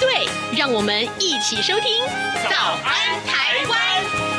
對，讓我們一起收聽《早安台灣》，早安台灣。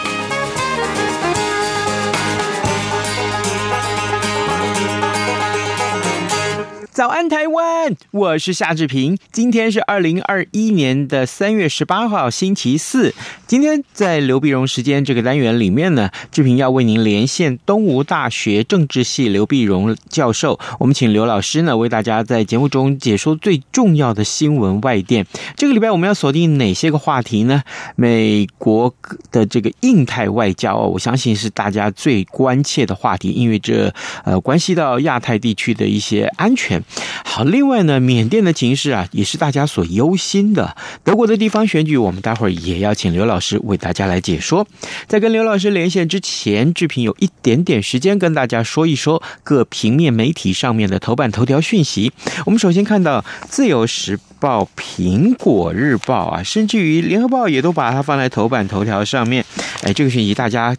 早安，台灣！我是夏志平。今天是二零二一年的三月十八號，星期四。今天在劉必榮時間這個單元裡面呢，志平要為您連線東吳大學政治系劉必榮教授。我們請劉老師呢為大家在節目中解說最重要的新聞外電。這個禮拜我們要鎖定哪些個話題呢？美國的這個印太外交，我相信是大家最關切的話題，因為這呃關係到亞太地區的一些安全。好，另外呢，緬甸的情勢啊，也是大家所憂心的。德國的地方選舉，我們待會兒也要請劉老師為大家來解說。在跟劉老師連線之前，志平有一點點時間跟大家說一說各平面媒體上面的頭版頭條訊息。我們首先看到《自由時報》。報《蘋果日報》啊，甚至於《聯合報》也都把它放在頭版頭條上面。哎，這個訊息大家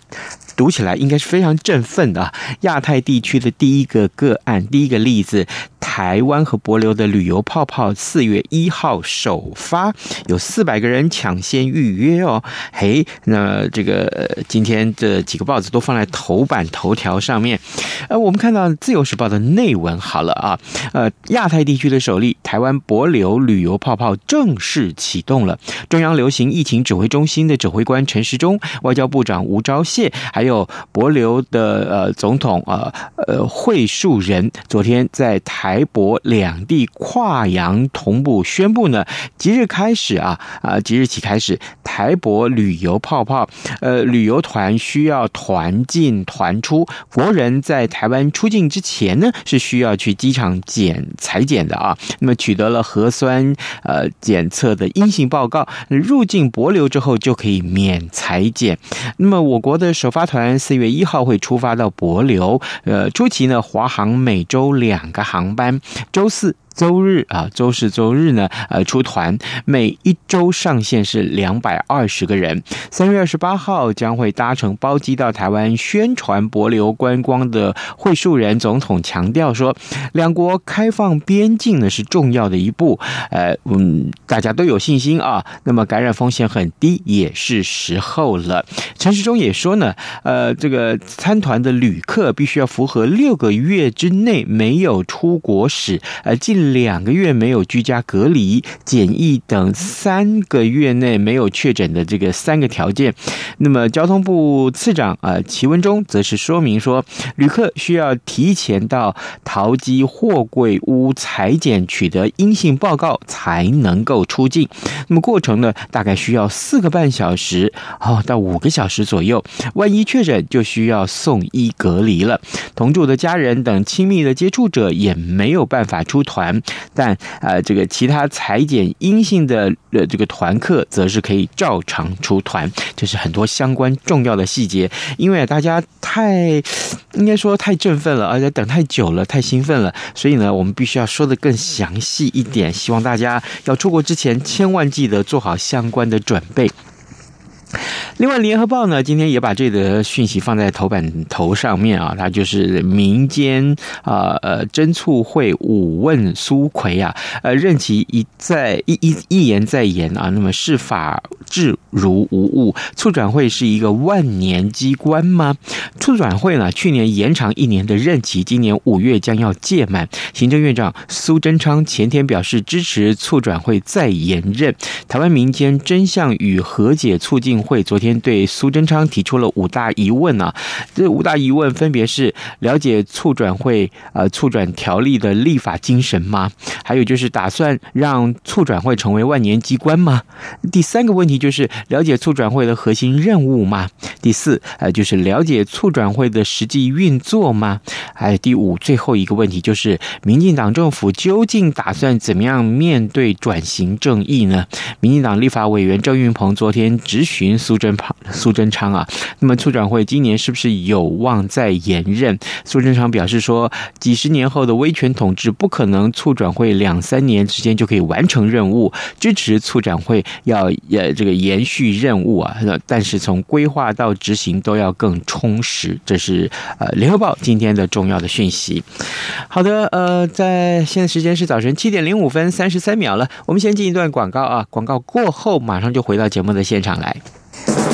讀起來應該是非常振奮的。亞太地區的第一個個案，第一個例子，台灣和帛琉的旅遊泡泡四月一號首發，有四百個人搶先預約哦。嘿，那這個、呃、今天這幾個報紙都放在頭版頭條上面。呃，我們看到《自由時報》的內文好了啊。呃，亞太地區的首例，台灣帛琉旅。旅遊泡泡正式啟動了。中央流行疫情指揮中心的指揮官陳時中、外交部長吳釗燮，還有帛琉的呃總統啊呃惠、呃、恕仁，昨天在台帛兩地跨洋同步宣布呢，即日開始啊啊即日起開始，台帛旅遊泡泡呃旅遊團需要團進團出，國人在台灣出境之前呢是需要去機場檢裁剪的啊，那麼取得了核酸。呃，檢測的陰性報告入境帛琉之後就可以免採檢。那麼，我國的首發團四月一號會出發到帛琉，呃，初期呢，華航每周兩個航班，周四。週日啊，週四、週日呢，呃，出團，每一週上限是兩百二十個人。三月二十八號將會搭乘包機到台灣宣傳帛琉觀光的惠恕仁總統強調說，兩國開放邊境呢，是重要的一步。呃，嗯，大家都有信心啊。那麼感染風險很低，也是時候了。陳時中也說呢，呃，這個參團的旅客必須要符合六個月之內沒有出國史，呃，近。兩個月沒有居家隔離、檢疫等，三個月內沒有確診的這個三個條件，那麽交通部次長啊、呃、齊文忠則是說明說，旅客需要提前到桃機貨櫃屋採檢，取得陰性報告才能夠出境。那麽過程呢，大概需要四個半小時哦到五個小時左右。萬一確診，就需要送醫隔離了。同住的家人等親密的接觸者也沒有辦法出團。但呃，這個其他裁剪陰性的呃，這個團客則是可以照常出團。這、就是很多相關重要的細節，因為大家太應該說太振奮了，而、啊、且等太久了，太興奮了，所以呢，我們必須要說的更詳細一點。希望大家要出國之前，千萬記得做好相關的準備。另外，《聯合報》呢，今天也把這則訊息放在頭版頭上面啊。它就是民間呃呃真促會五問蘇揆啊，呃任期一再一一一延再延啊，那麼視法治如無物？促轉會是一個萬年機關嗎？促轉會呢，去年延長一年的任期，今年五月將要屆滿。行政院長蘇貞昌前天表示支持促轉會再延任。台灣民間真相與和解促進。會昨天對蘇貞昌提出了五大疑問啊，這五大疑問分別是了解促轉會呃促轉條例的立法精神嗎？還有就是打算讓促轉會成為萬年機關嗎？第三個問題就是了解促轉會的核心任務嗎？第四呃就是了解促轉會的實際運作嗎？還、哎、有第五最後一個問題就是民進黨政府究竟打算怎麼樣面對轉型正義呢？民進黨立法委員鄭運鵬昨天質詢。蘇貞昌，蘇貞昌啊，那麼促轉會今年是不是有望再延任？蘇貞昌表示說，幾十年後的威權統治不可能促轉會兩三年之間就可以完成任務，支持促轉會要呃這個延續任務啊。但是從規劃到執行都要更充實，這是呃聯合報今天的重要的訊息。好的，呃，在現在時間是早晨七點零五分三十三秒了，我們先進一段廣告啊，廣告過後馬上就回到節目的現場來。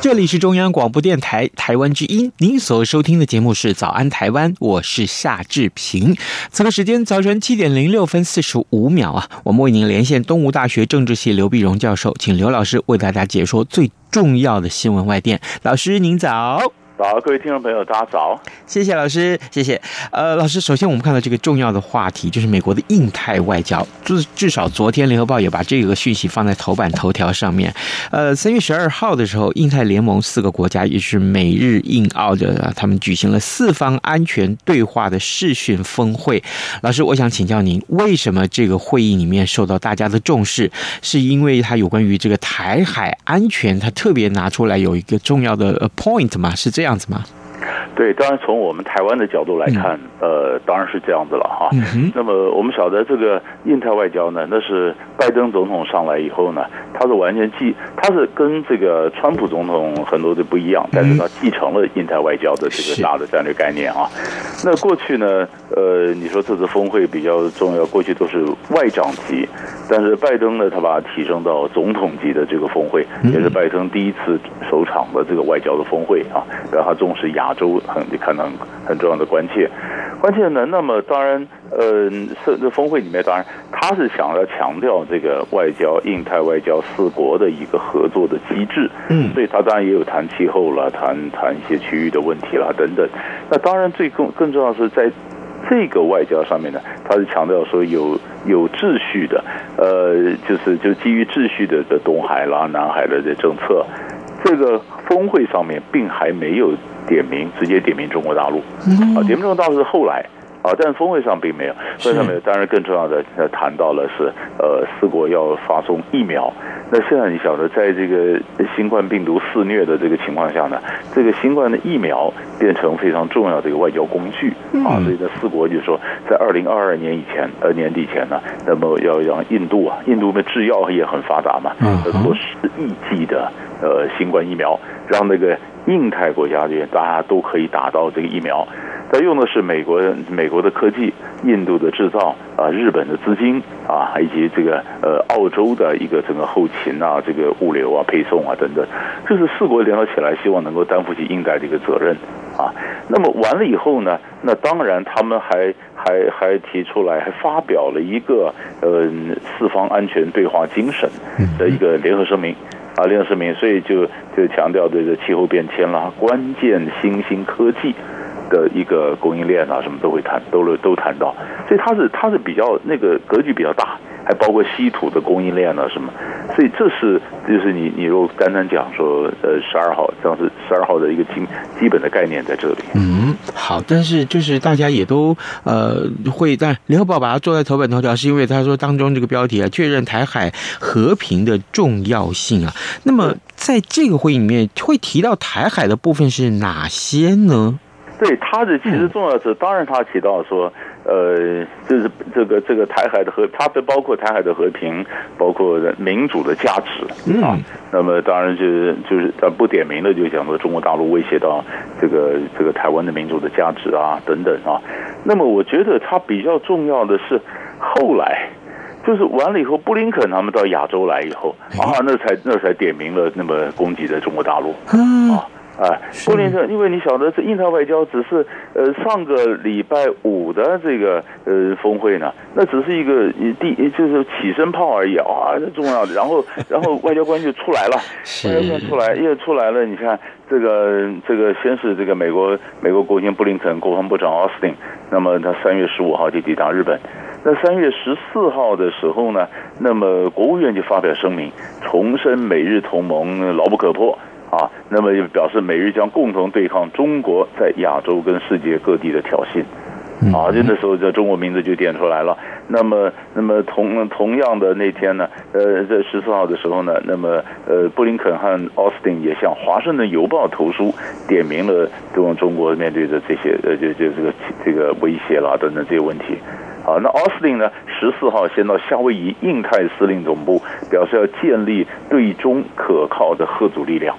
這裡是中央廣播電台臺灣之音，您所收聽的節目是《早安臺灣》，我是夏志平。此刻時間早晨七點零六分四十五秒啊，我們為您連線東吳大學政治系劉必榮教授，請劉老師為大家解說最重要的新聞外電。老師，您早。好，各位聽眾朋友，大家早。謝謝老師，謝謝。呃，老師，首先我們看到這個重要的話題就是美國的印太外交，至至少昨天《聯合報》也把這個訊息放在頭版頭條上面。呃，三月十二號的時候，印太聯盟四個國家，也就是美日印澳的，啊，他們舉行了四方安全對話的視訊峰會。老師，我想請教您，為什麼這個會議裡面受到大家的重視？是因為它有關於這個台海安全，它特別拿出來有一個重要的呃 point 嘛？是這樣？這樣子嗎？對，當然從我們台灣的角度來看，嗯、呃，當然是這樣子了哈、啊。嗯、哼那麼我們曉得這個印太外交呢，那是拜登總統上來以後呢，他是完全繼，他是跟這個川普總統很多的不一樣，但是他繼承了印太外交的這個大的戰略概念啊。是那過去呢，呃，你說這次峰會比較重要，過去都是外長級。但是拜登呢，他把他提升到總統級的這個峰會，也是拜登第一次首場的這個外交的峰會啊，然後他重視亞洲很可能很、很重要的關切。關鍵呢，那麼當然，呃，是這個、峰會裡面，當然他是想要強調這個外交、印太外交四國的一個合作的機制。嗯，所以他當然也有談氣候了，談談一些區域的問題啦等等。那當然，最更更重要的是在。這個外交上面呢，他是強調說有有秩序的，呃，就是就基於秩序的的東海啦、南海的這政策，這個峰會上面並還沒有點名，直接點名中國大陸，啊，點名中國大陸是後來。挑戰峰會上並沒有，峰會上沒有。當然，更重要的，談到了是，呃，四國要發送疫苗。那現在你曉得，在這個新冠病毒肆虐的這個情況下呢，這個新冠的疫苗變成非常重要的一個外交工具啊。所以在四國就是說，在二零二二年以前，呃，年底前呢，那麼要讓印度啊，印度的製藥業很發達嘛，多十億劑的呃新冠疫苗，讓那個。印太國家，這大家都可以打到這個疫苗。它用的是美國美國的科技、印度的製造啊、呃、日本的資金啊，以及這個呃澳洲的一個整個後勤啊、這個物流啊、配送啊等等，這、就是四國聯合起來，希望能夠擔負起印太這個責任啊。那麼完了以後呢，那當然他們還還還提出來，還發表了一個呃四方安全對話精神的一個聯合聲明。啊，另市民，所以就就強調這個氣候變遷啦，關鍵新興科技的一個供應鏈啊，什麼都會談，都都談到，所以他是他是比較那個格局比較大。還包括稀土的供應鏈啊什麼，所以這是就是你你如果單單講說呃十二號，當時十二號的一個基基本的概念在這裡。嗯，好，但是就是大家也都呃會，但聯合報把它做在頭版頭條，是因為他說當中這個標題啊，確認台海和平的重要性啊。那麼在這個會議裡面會提到台海的部分是哪些呢？對，他的其實重要是，當然他提到說，呃，就是這個這個台海的和，它的包括台海的和平，包括民主的價值啊。那麼當然就是就是他不點名的就講說中國大陸威脅到這個這個台灣的民主的價值啊等等啊。那麼我覺得他比較重要的是後來就是完了以後，布林肯他們到亞洲來以後啊，那才那才點名了那麼攻擊的中國大陸啊。啊，布林肯，因為你曉得這印太外交只是，呃，上個禮拜五的這個呃峰會呢，那只是一個一第，就是起身炮而已啊，這重要的。然後，然後外交官就出來了，外交官出來，因為出來了。你看這個這個先是這個美國美國國務卿布林肯，國防部長奧斯汀，那麼他三月十五號就抵達日本。那三月十四號的時候呢，那麼國務院就發表聲明，重申美日同盟牢不可破。啊，那麼就表示美日將共同對抗中國在亞洲跟世界各地的挑釁。啊，就那時候就中國名字就點出來了。那麼，那麼同同樣的那天呢，呃，在十四號的時候呢，那麼呃，布林肯和奧斯汀也向《華盛頓郵報》投書，點名了這種中國面對的這些呃，就就這個這個威脅啦、啊、等等這些問題。啊，那奧斯汀呢，十四號先到夏威夷印太司令總部，表示要建立對中可靠的核嚇阻力量。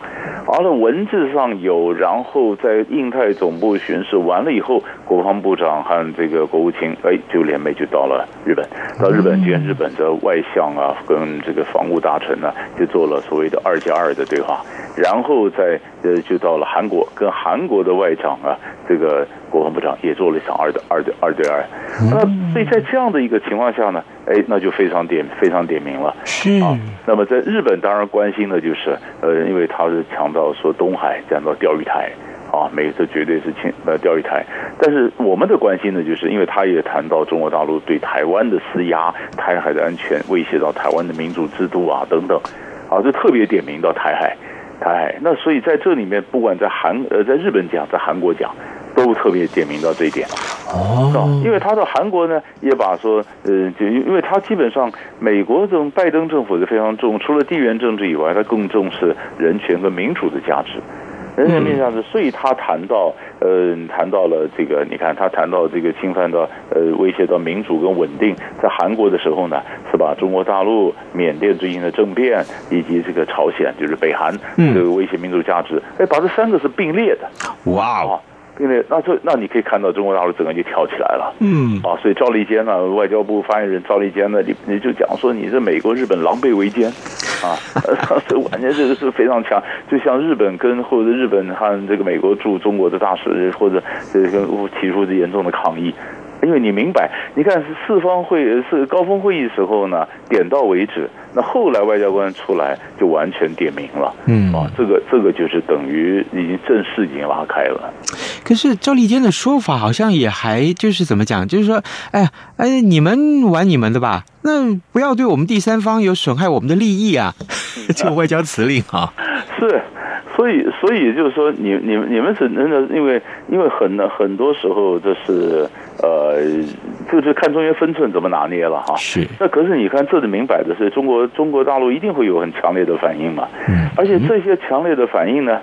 完了，文字上有，然後在印太總部巡視完了以後，國防部長和這個國務卿，哎，就聯袂就到了日本，到日本見日本的外相啊，跟這個防務大臣呢、啊，就做了所謂的二加二的對話。然後再呃，就到了韓國，跟韓國的外長啊，這個國防部長也做了一場二對二對二對二。那、啊、所以在這樣的一個情況下呢，哎，那就非常點非常點名了。啊、是。那麼在日本當然關心的就是呃，因為他是強調說東海，講到釣魚台啊，美國絕對是侵呃釣魚台。但是我們的關心呢，就是因為他也談到中國大陸對台灣的施壓，台海的安全威脅到台灣的民主制度啊等等，啊，就特別點名到台海。哎，那所以在這裡面，不管在韓呃，在日本講，在韓國講，都特別點明到這一點哦，oh. 因為他到韓國呢，也把說呃，就因為他基本上美國這種拜登政府是非常重，除了地緣政治以外，他更重視人權和民主的價值。人人面上是，嗯、所以他談到，呃，談到了這個，你看他談到這個侵犯到，呃，威脅到民主跟穩定，在韓國的時候呢，是把中國大陸、緬甸最近的政變以及這個朝鮮，就是北韓，這個威脅民主價值，哎、欸，把這三個是並列的，啊、哇。因為那這那你可以看到中國大陸整個就跳起來了，嗯，啊，所以趙立堅呢，啊，外交部發言人趙立堅呢，你你就講說你這美國日本狼狽為奸，啊，啊，這完全這個是非常強，就像日本跟或者日本和這個美國駐中國的大使或者這個提出這嚴重的抗議，因為你明白，你看四方會是高峰會議時候呢，點到為止，那後來外交官出來就完全點名了，嗯，啊，這個這個就是等於已經正式已經拉開了。可是趙立堅的說法好像也還就是怎麼講？就是說，哎呀哎，你們玩你們的吧，那不要對我們第三方有損害我們的利益啊！就外交辭令啊。是，所以所以就是說你，你你們你們只能的，因為因為很很多時候就是呃，就是看中間分寸怎麼拿捏了哈、啊。是。那可是你看，這就明擺着是中國中國大陸一定會有很強烈的反應嘛。嗯。而且這些強烈的反應呢，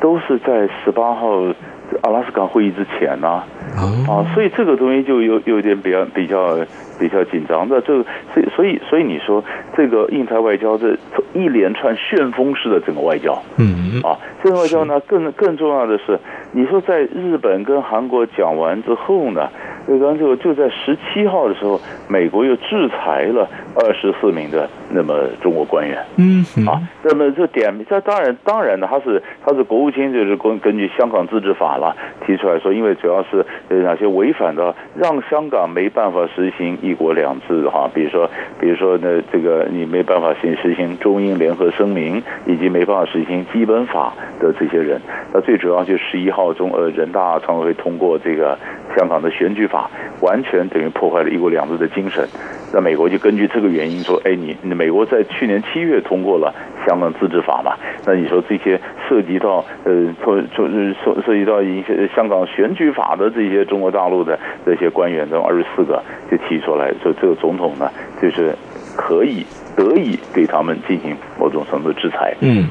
都是在十八號。阿拉斯加會議之前呢、啊，嗯、啊，所以這個東西就有有點比較比較。比較緊張，那這所以所以所以你說這個印太外交這一連串旋風式的整個外交，嗯啊，這個外交呢，更更重要的是，你說在日本跟韓國講完之後呢，就剛就就在十七號的時候，美國又制裁了二十四名的那麼中國官員，嗯啊，那麼這點這當然當然呢，他是他是國務卿就是根根據香港自治法了，提出來說，因為主要是呃哪些違反的，讓香港沒辦法實行，一國兩制哈，比如說，比如說，呢，這個你沒辦法先實行中英聯合聲明，以及沒辦法實行基本法的這些人，那最主要就十一號中呃人大常委會通過這個香港的選舉法，完全等於破壞了一國兩制的精神。那美國就根據這個原因說，哎，你，你美國在去年七月通過了香港自治法嘛？那你說這些涉及到呃涉涉涉及到一些香港選舉法的這些中國大陸的這些官員，這種二十四個就提出來，來，這這個總統呢，就是可以得以對他們進行某種程度的制裁。嗯，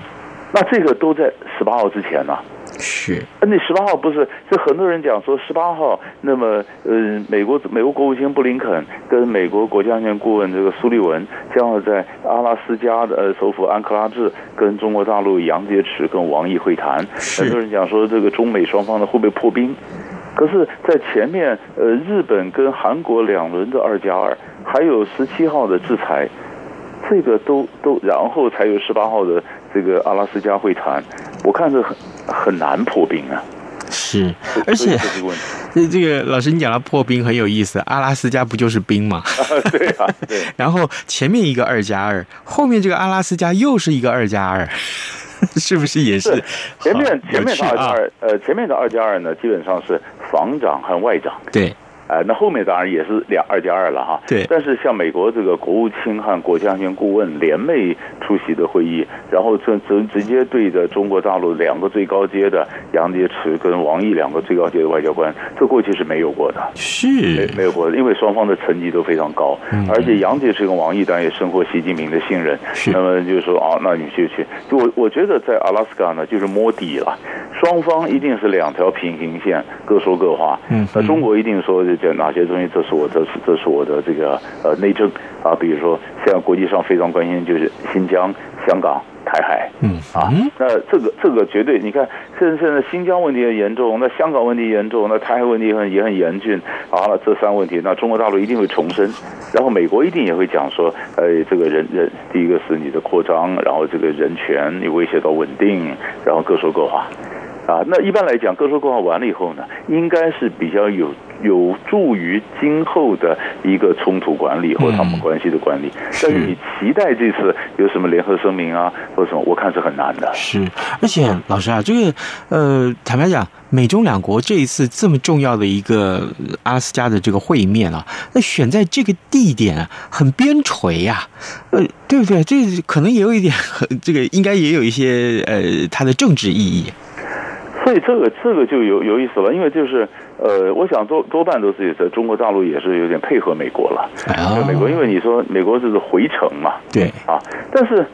那這個都在十八號之前呢啊。是。那十八號不是？這很多人講說，十八號，那麼呃，美國美國國務卿布林肯跟美國國家安全顧問這個蘇利文將要在阿拉斯加的呃首府安克拉治跟中國大陸楊潔篪跟王毅會談。是。很多人講說，這個中美雙方呢會不會破冰？可是，在前面，呃，日本跟韓國兩輪的二加二，2, 還有十七號的制裁，這個都都，然後才有十八號的這個阿拉斯加會談。我看這很很難破冰啊。是，而且，這個問題這個老師你講到破冰很有意思。阿拉斯加不就是冰嗎？對啊，對。然後前面一個二加二，2, 後面這個阿拉斯加又是一個二加二。 是不是也是？是前面好前面的二加二，呃，前面的二加二呢，基本上是防長和外長對。哎，那後面當然也是兩二加二了哈、啊。對。但是像美國這個國務卿和國家安全顧問聯袂出席的會議，然後這直直接對着中國大陸兩個最高階的楊潔篪跟王毅兩個最高階的外交官，這過去是沒有過的。是沒。沒有過的，因為雙方的層級都非常高，嗯、而且楊潔篪跟王毅當然也深獲習近平的信任。是。那麼就是說啊、哦，那你就去，去就我我覺得在阿拉斯加呢，就是摸底了。雙方一定是兩條平行線，各說各話。嗯哼。那中國一定說。就哪些東西，這是我的，這是，這是我的這個呃內政啊。比如說，現在國際上非常關心，就是新疆、香港、台海、嗯，啊。那這個這個絕對，你看，現在現在新疆問題很嚴重，那香港問題嚴重，那台海問題很也很嚴峻。啊，這三問題，那中國大陸一定會重申，然後美國一定也會講說，呃、哎，這個人人第一個是你的擴張，然後這個人權你威脅到穩定，然後各說各話。啊，那一般來講，各說各話完了以後呢，應該是比較有有助於今後的一個衝突管理或者他們關係的管理。嗯、是，但是你期待這次有什麼聯合聲明啊，或者什麼，我看是很難的。是，而且老師啊，這個呃，坦白講，美中兩國這一次這麼重要的一個阿拉斯加的這個會面啊，那選在這個地點、啊、很邊陲呀、啊，呃，對不對？這個、可能也有一點，這個應該也有一些呃，它的政治意義。所以這個這個就有有意思了，因為就是呃，我想多多半都是在中國大陸也是有點配合美國了。啊，oh. 美國因為你說美國這是回程嘛，對啊，但是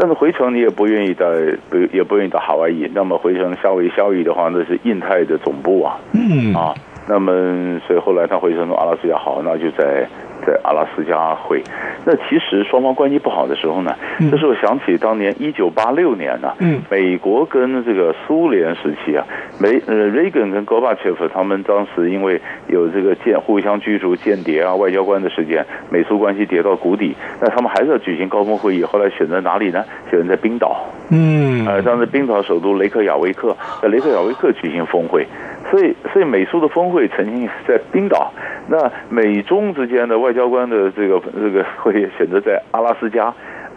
但是回程你也不願意到不也不願意到海外去，那麼回程夏威夏威夷的話，那是印太的總部啊，嗯、mm. 啊，那麼所以後來他回程阿拉斯加好，那就在。在阿拉斯加會，那其實雙方關係不好的時候呢，這、嗯、是我想起當年一九八六年呢、啊，嗯，美國跟這個蘇聯時期啊，美呃雷根跟戈巴契夫他們當時因為有這個間互相驅逐間諜啊外交官的事件，美蘇關係跌到谷底，那他們還是要舉行高峰會議，後來選擇哪裡呢？選擇在冰島，嗯，呃，當時冰島首都雷克雅維克，在雷克雅維克舉行峰會。所以，所以美蘇的峰會曾經在冰島，那美中之間的外交官的這個這個會選擇在阿拉斯加。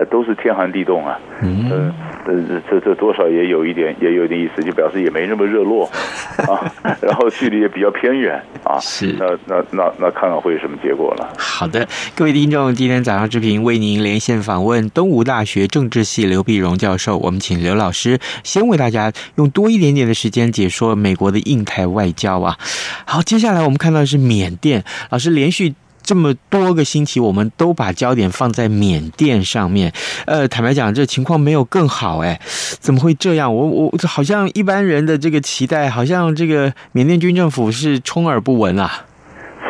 都是天寒地凍啊，嗯，呃，這這多少也有一點，也有點意思，就表示也沒那麼熱絡，啊，然後距離也比較偏遠，啊，是，那那那那看看會有什麼結果了。好的，各位聽眾，今天早上之平為您連線訪問東吳大學政治系劉必榮教授，我們請劉老師先為大家用多一點點的時間解說美國的印太外交啊。好，接下來我們看到的是緬甸，老師連續。這麼多個星期，我們都把焦點放在緬甸上面。呃，坦白講，這情況沒有更好哎，怎麼會這樣？我我好像一般人的這個期待，好像這個緬甸軍政府是充耳不聞啊。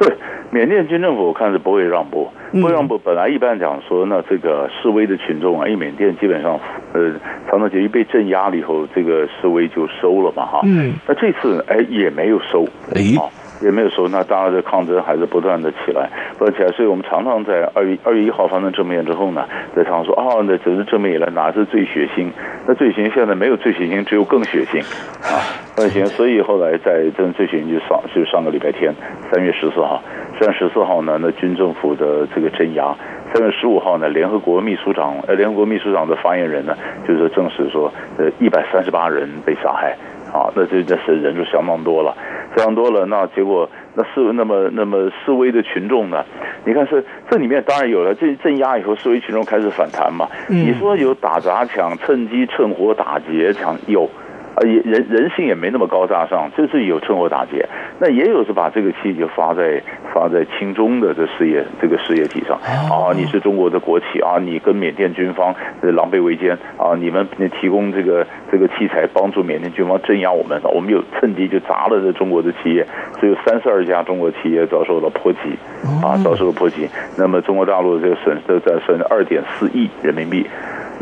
是緬甸軍政府，我看是不會讓步，嗯，不會讓步。本來一般講說呢，那這個示威的群眾啊，因為緬甸基本上呃，長長久久被鎮壓了以後，這個示威就收了嘛，哈。嗯。那、啊、這次哎也沒有收，哎。啊也沒有說，那大家的抗爭還是不斷的起來，不斷起來。所以我們常常在二月二月一號發生政變之後呢，在常常說啊，那只是政變以來哪是最血腥？那最血腥現在沒有最血腥，只有更血腥，啊，更血腥。所以後來在真最血腥就上就上個禮拜天，三月十四號，三月十四號呢，那軍政府的這個鎮壓。三月十五號呢，聯合國秘書長呃，聯合國秘書長的發言人呢，就是證實說，呃，一百三十八人被殺害，啊，那這那是人數相當多了。這樣多了，那結果那示那麼那麼示威的群眾呢？你看是這裡面當然有了，這鎮壓以後示威群眾開始反彈嘛。你說有打砸搶，趁機趁火打劫搶有。呃，也人人性也沒那麼高大上，就是有趁火打劫。那也有是把這個氣就發在發在親中的這事業這個事業體上啊，你是中國的國企啊，你跟緬甸軍方呃狼狽為奸啊，你們你提供這個這個器材幫助緬甸軍方鎮壓我們，我們有趁機就砸了這中國的企業，只有三十二家中國企業遭受了波及啊，遭受了波及。那麼中國大陸的損失在損二點四億人民幣。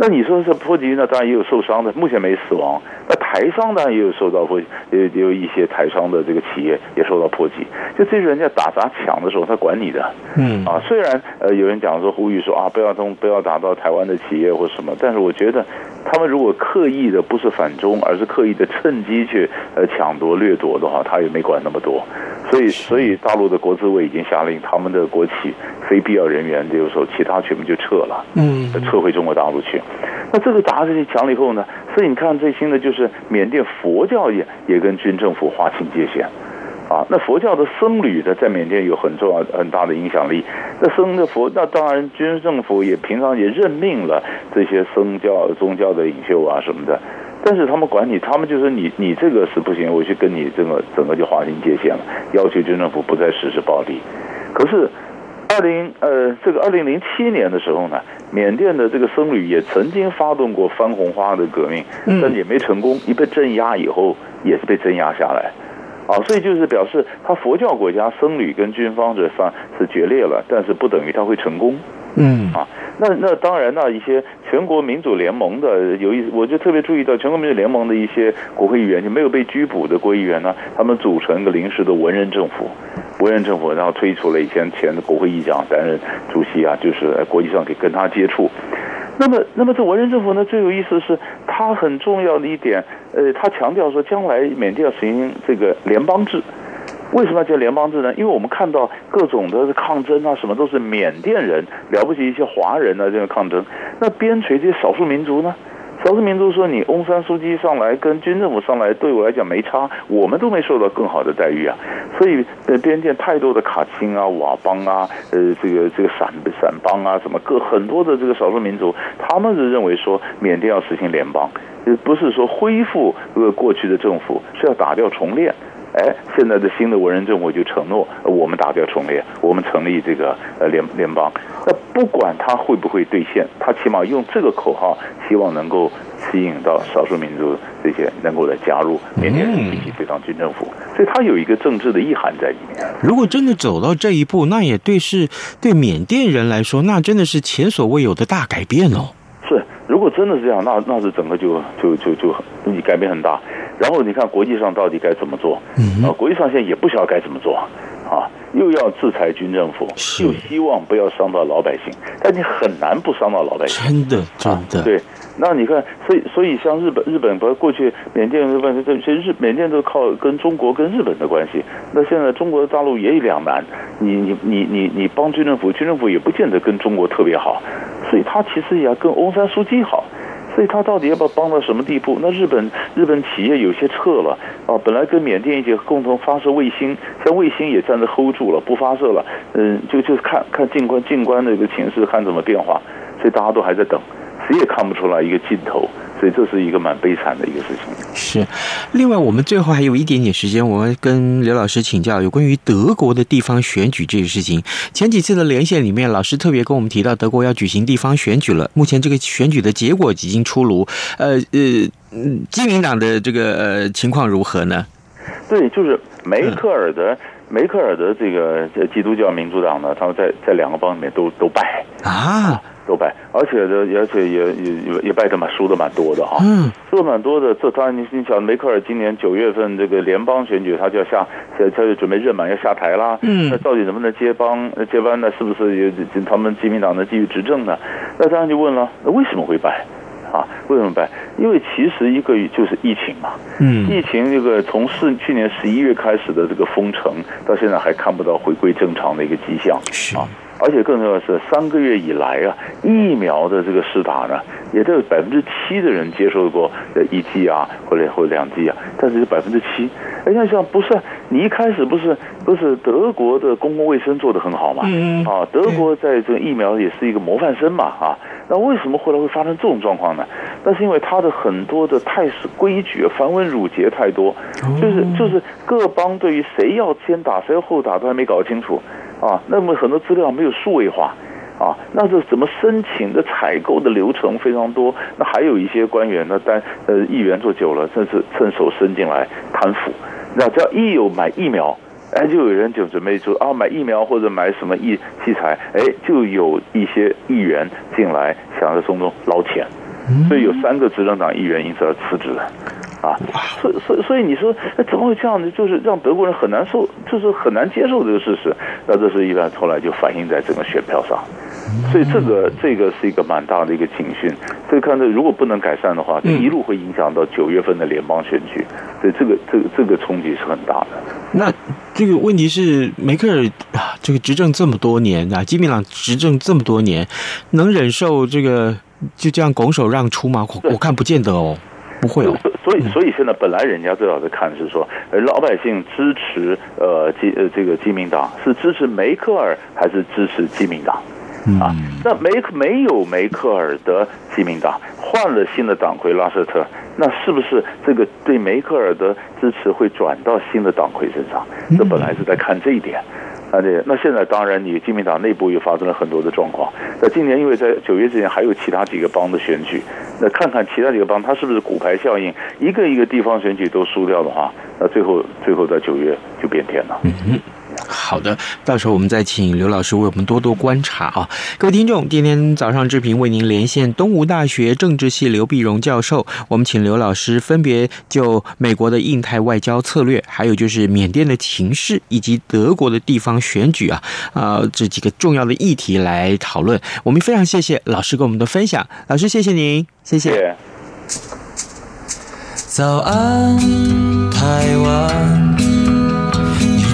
那你說是波及呢？當然也有受傷的，目前沒死亡。那台商當然也有受到波，或也也有一些台商的這個企業也受到波及。就這就是人家打砸搶的時候，他管你的。嗯。啊，雖然呃有人講說呼籲說啊不要中，不要打到台灣的企業或什麼，但是我覺得他們如果刻意的不是反中，而是刻意的趁機去呃搶奪掠奪的話，他也沒管那麼多。所以所以大陸的國資委已經下令，他們的國企非必要人員，就是說其他全部就撤了，嗯，撤回中國大陸去。那這個打上去強了以後呢？所以你看最新的就是緬甸佛教也也跟軍政府劃清界限，啊，那佛教的僧侶的在緬甸有很重要很大的影響力。那僧的佛，那當然軍政府也平常也任命了這些僧教宗教的領袖啊什麼的，但是他們管你，他們就說你你這個是不行，我去跟你這個整個就劃清界限了，要求軍政府不再實施暴力。可是。二零呃，這個二零零七年的時候呢，緬甸的這個僧侶也曾經發動過番紅花的革命，但也沒成功，一被鎮壓以後也是被鎮壓下來，啊，所以就是表示他佛教國家僧侶跟軍方這算是決裂了，但是不等於他會成功，嗯啊。那那當然，那一些全國民主聯盟的，有一，我就特別注意到全國民主聯盟的一些國會議員就沒有被拘捕的國議員呢，他們組成一個臨時的文人政府，文人政府，然後推出了以前前的國會議長擔任主席啊，就是國際上可以跟他接觸。那麼，那麼這文人政府呢，最有意思的是，他很重要的一點，呃，他強調說，將來緬甸要實行這個聯邦制。為什麼要建聯邦制呢？因為我們看到各種的抗爭啊，什麼都是緬甸人了不起，一些華人呢、啊，這個抗爭。那邊陲這些少數民族呢，少數民族說：“你翁山蘇姬上來跟軍政府上來，對我來講沒差，我們都沒受到更好的待遇啊。”所以，邊疆太多的卡欽啊、佤邦啊、呃，這個這個撣撣邦啊，什麼各很多的這個少數民族，他們是認為說緬甸要實行聯邦，呃、不是說恢復個過去的政府，是要打掉重練。哎，現在的新的文人政府就承諾，我們打掉重練，我們成立這個呃聯聯邦。那不管他會不會兌現，他起碼用這個口號，希望能夠吸引到少數民族，這些能夠來加入緬甸人民一起對抗軍政府。嗯、所以他有一個政治的意涵在裡面。如果真的走到這一步，那也對是對緬甸人來說，那真的是前所未有的大改變哦。如果真的是這樣，那那是整個就就就就，就你改變很大。然後你看國際上到底該怎麼做？啊，國際上現在也不曉得該怎麼做，啊。又要制裁軍政府，又希望不要傷到老百姓，但你很難不傷到老百姓。真的，真的，對，那你看，所以，所以，像日本，日本包括過去緬甸，日本，這這些日緬甸都靠跟中國跟日本的關係。那現在中國的大陸也有兩難，你你你你你幫軍政府，軍政府也不見得跟中國特別好，所以他其實也要跟翁山蘇姬好。所以他到底要不要幫到什麼地步？那日本日本企業有些撤了啊，本來跟緬甸一起共同發射衛星，像衛星也暫時 hold 住了，不發射了，嗯，就就看看靜觀靜觀的一個情勢，看怎麼變化。所以大家都還在等，誰也看不出來一個盡頭，所以這是一個蠻悲慘的一個事情。是，另外我們最後還有一點點時間，我們跟劉老師請教有關於德國的地方選舉這個事情。前幾次的連線裡面，老師特別跟我們提到德國要舉行地方選舉了。目前這個選舉的結果已經出爐，呃呃，基民黨的這個呃情況如何呢？對，就是。嗯，梅克爾的梅克爾的這個基督教民主黨呢，他們在在兩個邦裡面都都敗啊，都敗，而且呢，而且也也也也敗的蠻輸的蠻多的啊，嗯，輸的蠻多的。這當然，你你想，梅克爾今年九月份這個聯邦選舉，他就要下，他他就準備任滿要下台啦，嗯，那到底能不能接幫接班呢？是不是有他們基民黨的繼續執政呢？那當然就問了，那為什麼會敗？啊，為什麼辦？因為其實一個就是疫情嘛，嗯，疫情這個從是去年十一月開始的這個封城，到現在還看不到回歸正常的一個跡象，啊。而且更重要的是，三個月以來啊，疫苗的這個試打呢，也都有百分之七的人接受過一劑啊，或者或兩劑啊，但是有百分之七。哎，你想，不是你一開始不是不是德國的公共衛生做得很好嘛？嗯啊，德國在這個疫苗也是一個模範生嘛？啊，那為什麼後來會發生這種狀況呢？那是因為它的很多的態勢規矩、繁文縟節太多，就是就是各邦對於誰要先打、誰要後打都還沒搞清楚。啊，那麼很多資料沒有數位化，啊，那是怎麼申請的、採購的流程非常多。那還有一些官員呢，但呃議員做久了，甚至趁手伸進來貪腐。那只要一有買疫苗，哎，就有人就準備說啊買疫苗或者買什麼醫器材，哎，就有一些議員進來想着從中撈錢。所以有三個執政黨議員因此而辭職。啊，所以所以所以你說，哎，怎麼會這樣呢？就是讓德國人很難受，就是很難接受這個事實。那這是一般，後來就反映在整個選票上。所以這個這個是一個蠻大的一個警訊。所以看着如果不能改善的話，這一路會影響到九月份的聯邦選舉。嗯、對這個這個這個衝擊是很大的。那這個問題是，梅克爾啊，這個執政這麼多年啊，基民黨執政這麼多年，能忍受這個就這樣拱手讓出嗎？我，我看不見得哦，對不會哦。對對所以，所以現在本來人家最好在看的是說，而老百姓支持呃基呃這個基民黨是支持梅克爾還是支持基民黨啊？那梅沒有梅克爾的基民黨換了新的黨魁拉謝特，那是不是這個對梅克爾的支持會轉到新的黨魁身上？這本來是在看這一點。啊對，那現在當然，你基民黨內部也發生了很多的狀況。那今年因為在九月之前還有其他幾個邦的選舉，那看看其他幾個邦他是不是骨牌效應，一個一個地方選舉都輸掉的話，那最後最後在九月就變天了。好的，到時候我們再請劉老師為我們多多觀察啊！各位聽眾，今天早上志平為您連線東吳大學政治系劉必榮教授，我們請劉老師分別就美國的印太外交策略，還有就是緬甸的情勢，以及德國的地方選舉啊，啊、呃、這幾個重要的議題來討論。我們非常謝謝老師給我們的分享，老師謝謝您，謝謝。早安，台灣。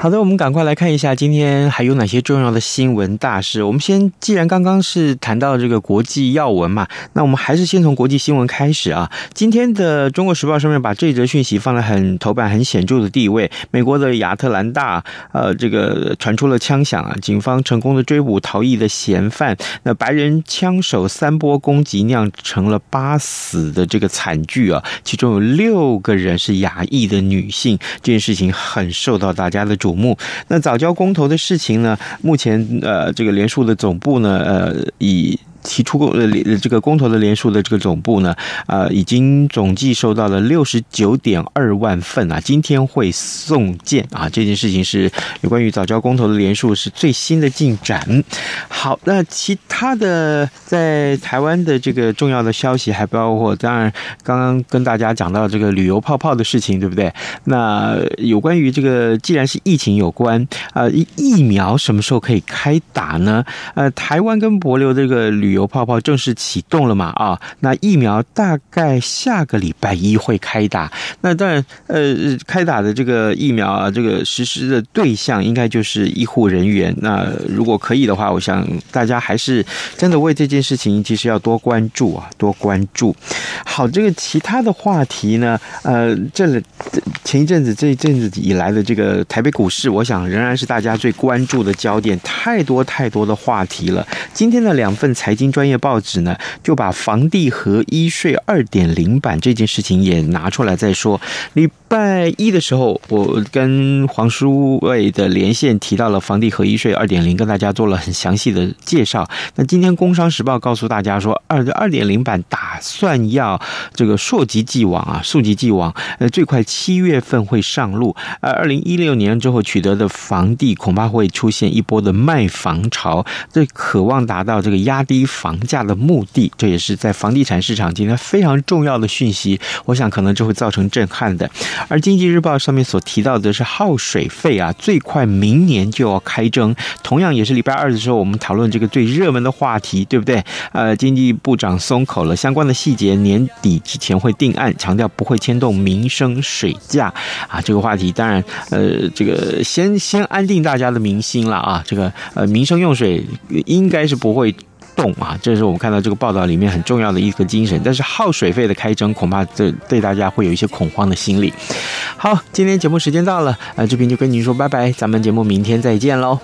好的，我們趕快來看一下今天還有哪些重要的新聞大事。我們先，既然剛剛是談到這個國際要聞嘛，那我們還是先從國際新聞開始啊。今天的《中國時報》上面把這則訊息放在很頭版、很顯著的地位。美國的亞特蘭大，呃，這個傳出了槍響啊，警方成功的追捕逃逸的嫌犯。那白人槍手三波攻擊釀成了八死的這個慘劇啊，其中有六個人是亞裔的女性。這件事情很受到大家的注。目。那藻礁公投的事情呢，目前，呃，這個連署的總部呢，呃，以提出過呃這個公投的聯署的這個總部呢呃，已經總計收到了六十九點二萬份啊，今天會送件啊，這件事情是有關於藻礁公投的聯署是最新的進展。好，那其他的在台灣的這個重要的消息還包括，當然剛剛跟大家講到這個旅遊泡泡的事情，對不對？那有關於這個，既然是疫情有關，呃，疫苗什麼時候可以開打呢？呃，台灣跟帛琉這個旅旅遊泡泡正式啟動了嘛？啊，那疫苗大概下個禮拜一會開打。那當然，呃，開打的這個疫苗啊，這個實施的對象應該就是醫護人員。那如果可以的話，我想大家還是真的為這件事情其實要多關注啊，多關注。好，這個其他的話題呢，呃，這前一陣子這一陣子以來的這個台北股市，我想仍然是大家最關注的焦點，太多太多的話題了。今天的兩份財。金專業報紙呢，就把房地合一稅二點零版這件事情也拿出來再說。禮拜一的時候，我跟黃書衛的連線提到了房地合一稅二點零，跟大家做了很詳細的介紹。那今天《工商時報》告訴大家說，二二點零版打算要這個溯及既往啊，溯及既往。呃，最快七月份會上路。二零一六年之後取得的房地，恐怕會出現一波的賣房潮。對，渴望達到這個壓低房價的目的，這也是在房地產市場今天非常重要的訊息，我想可能就會造成震撼的。而經濟日報上面所提到的是耗水費啊，最快明年就要開徵。同樣也是禮拜二的時候，我們討論這個最熱門的話題，對不對？呃，經濟部長鬆口了，相關的細節年底之前會定案，強調不會牽動民生水價啊。這個話題當然，呃，這個先先安定大家的民心了啊。這個呃，民生用水應該是不會。啊，這是我們看到這個報道裡面很重要的一個精神。但是，耗水費的開徵恐怕對對大家會有一些恐慌的心理。好，今天節目時間到了，那這邊就跟您說拜拜，咱們節目明天再見嘍。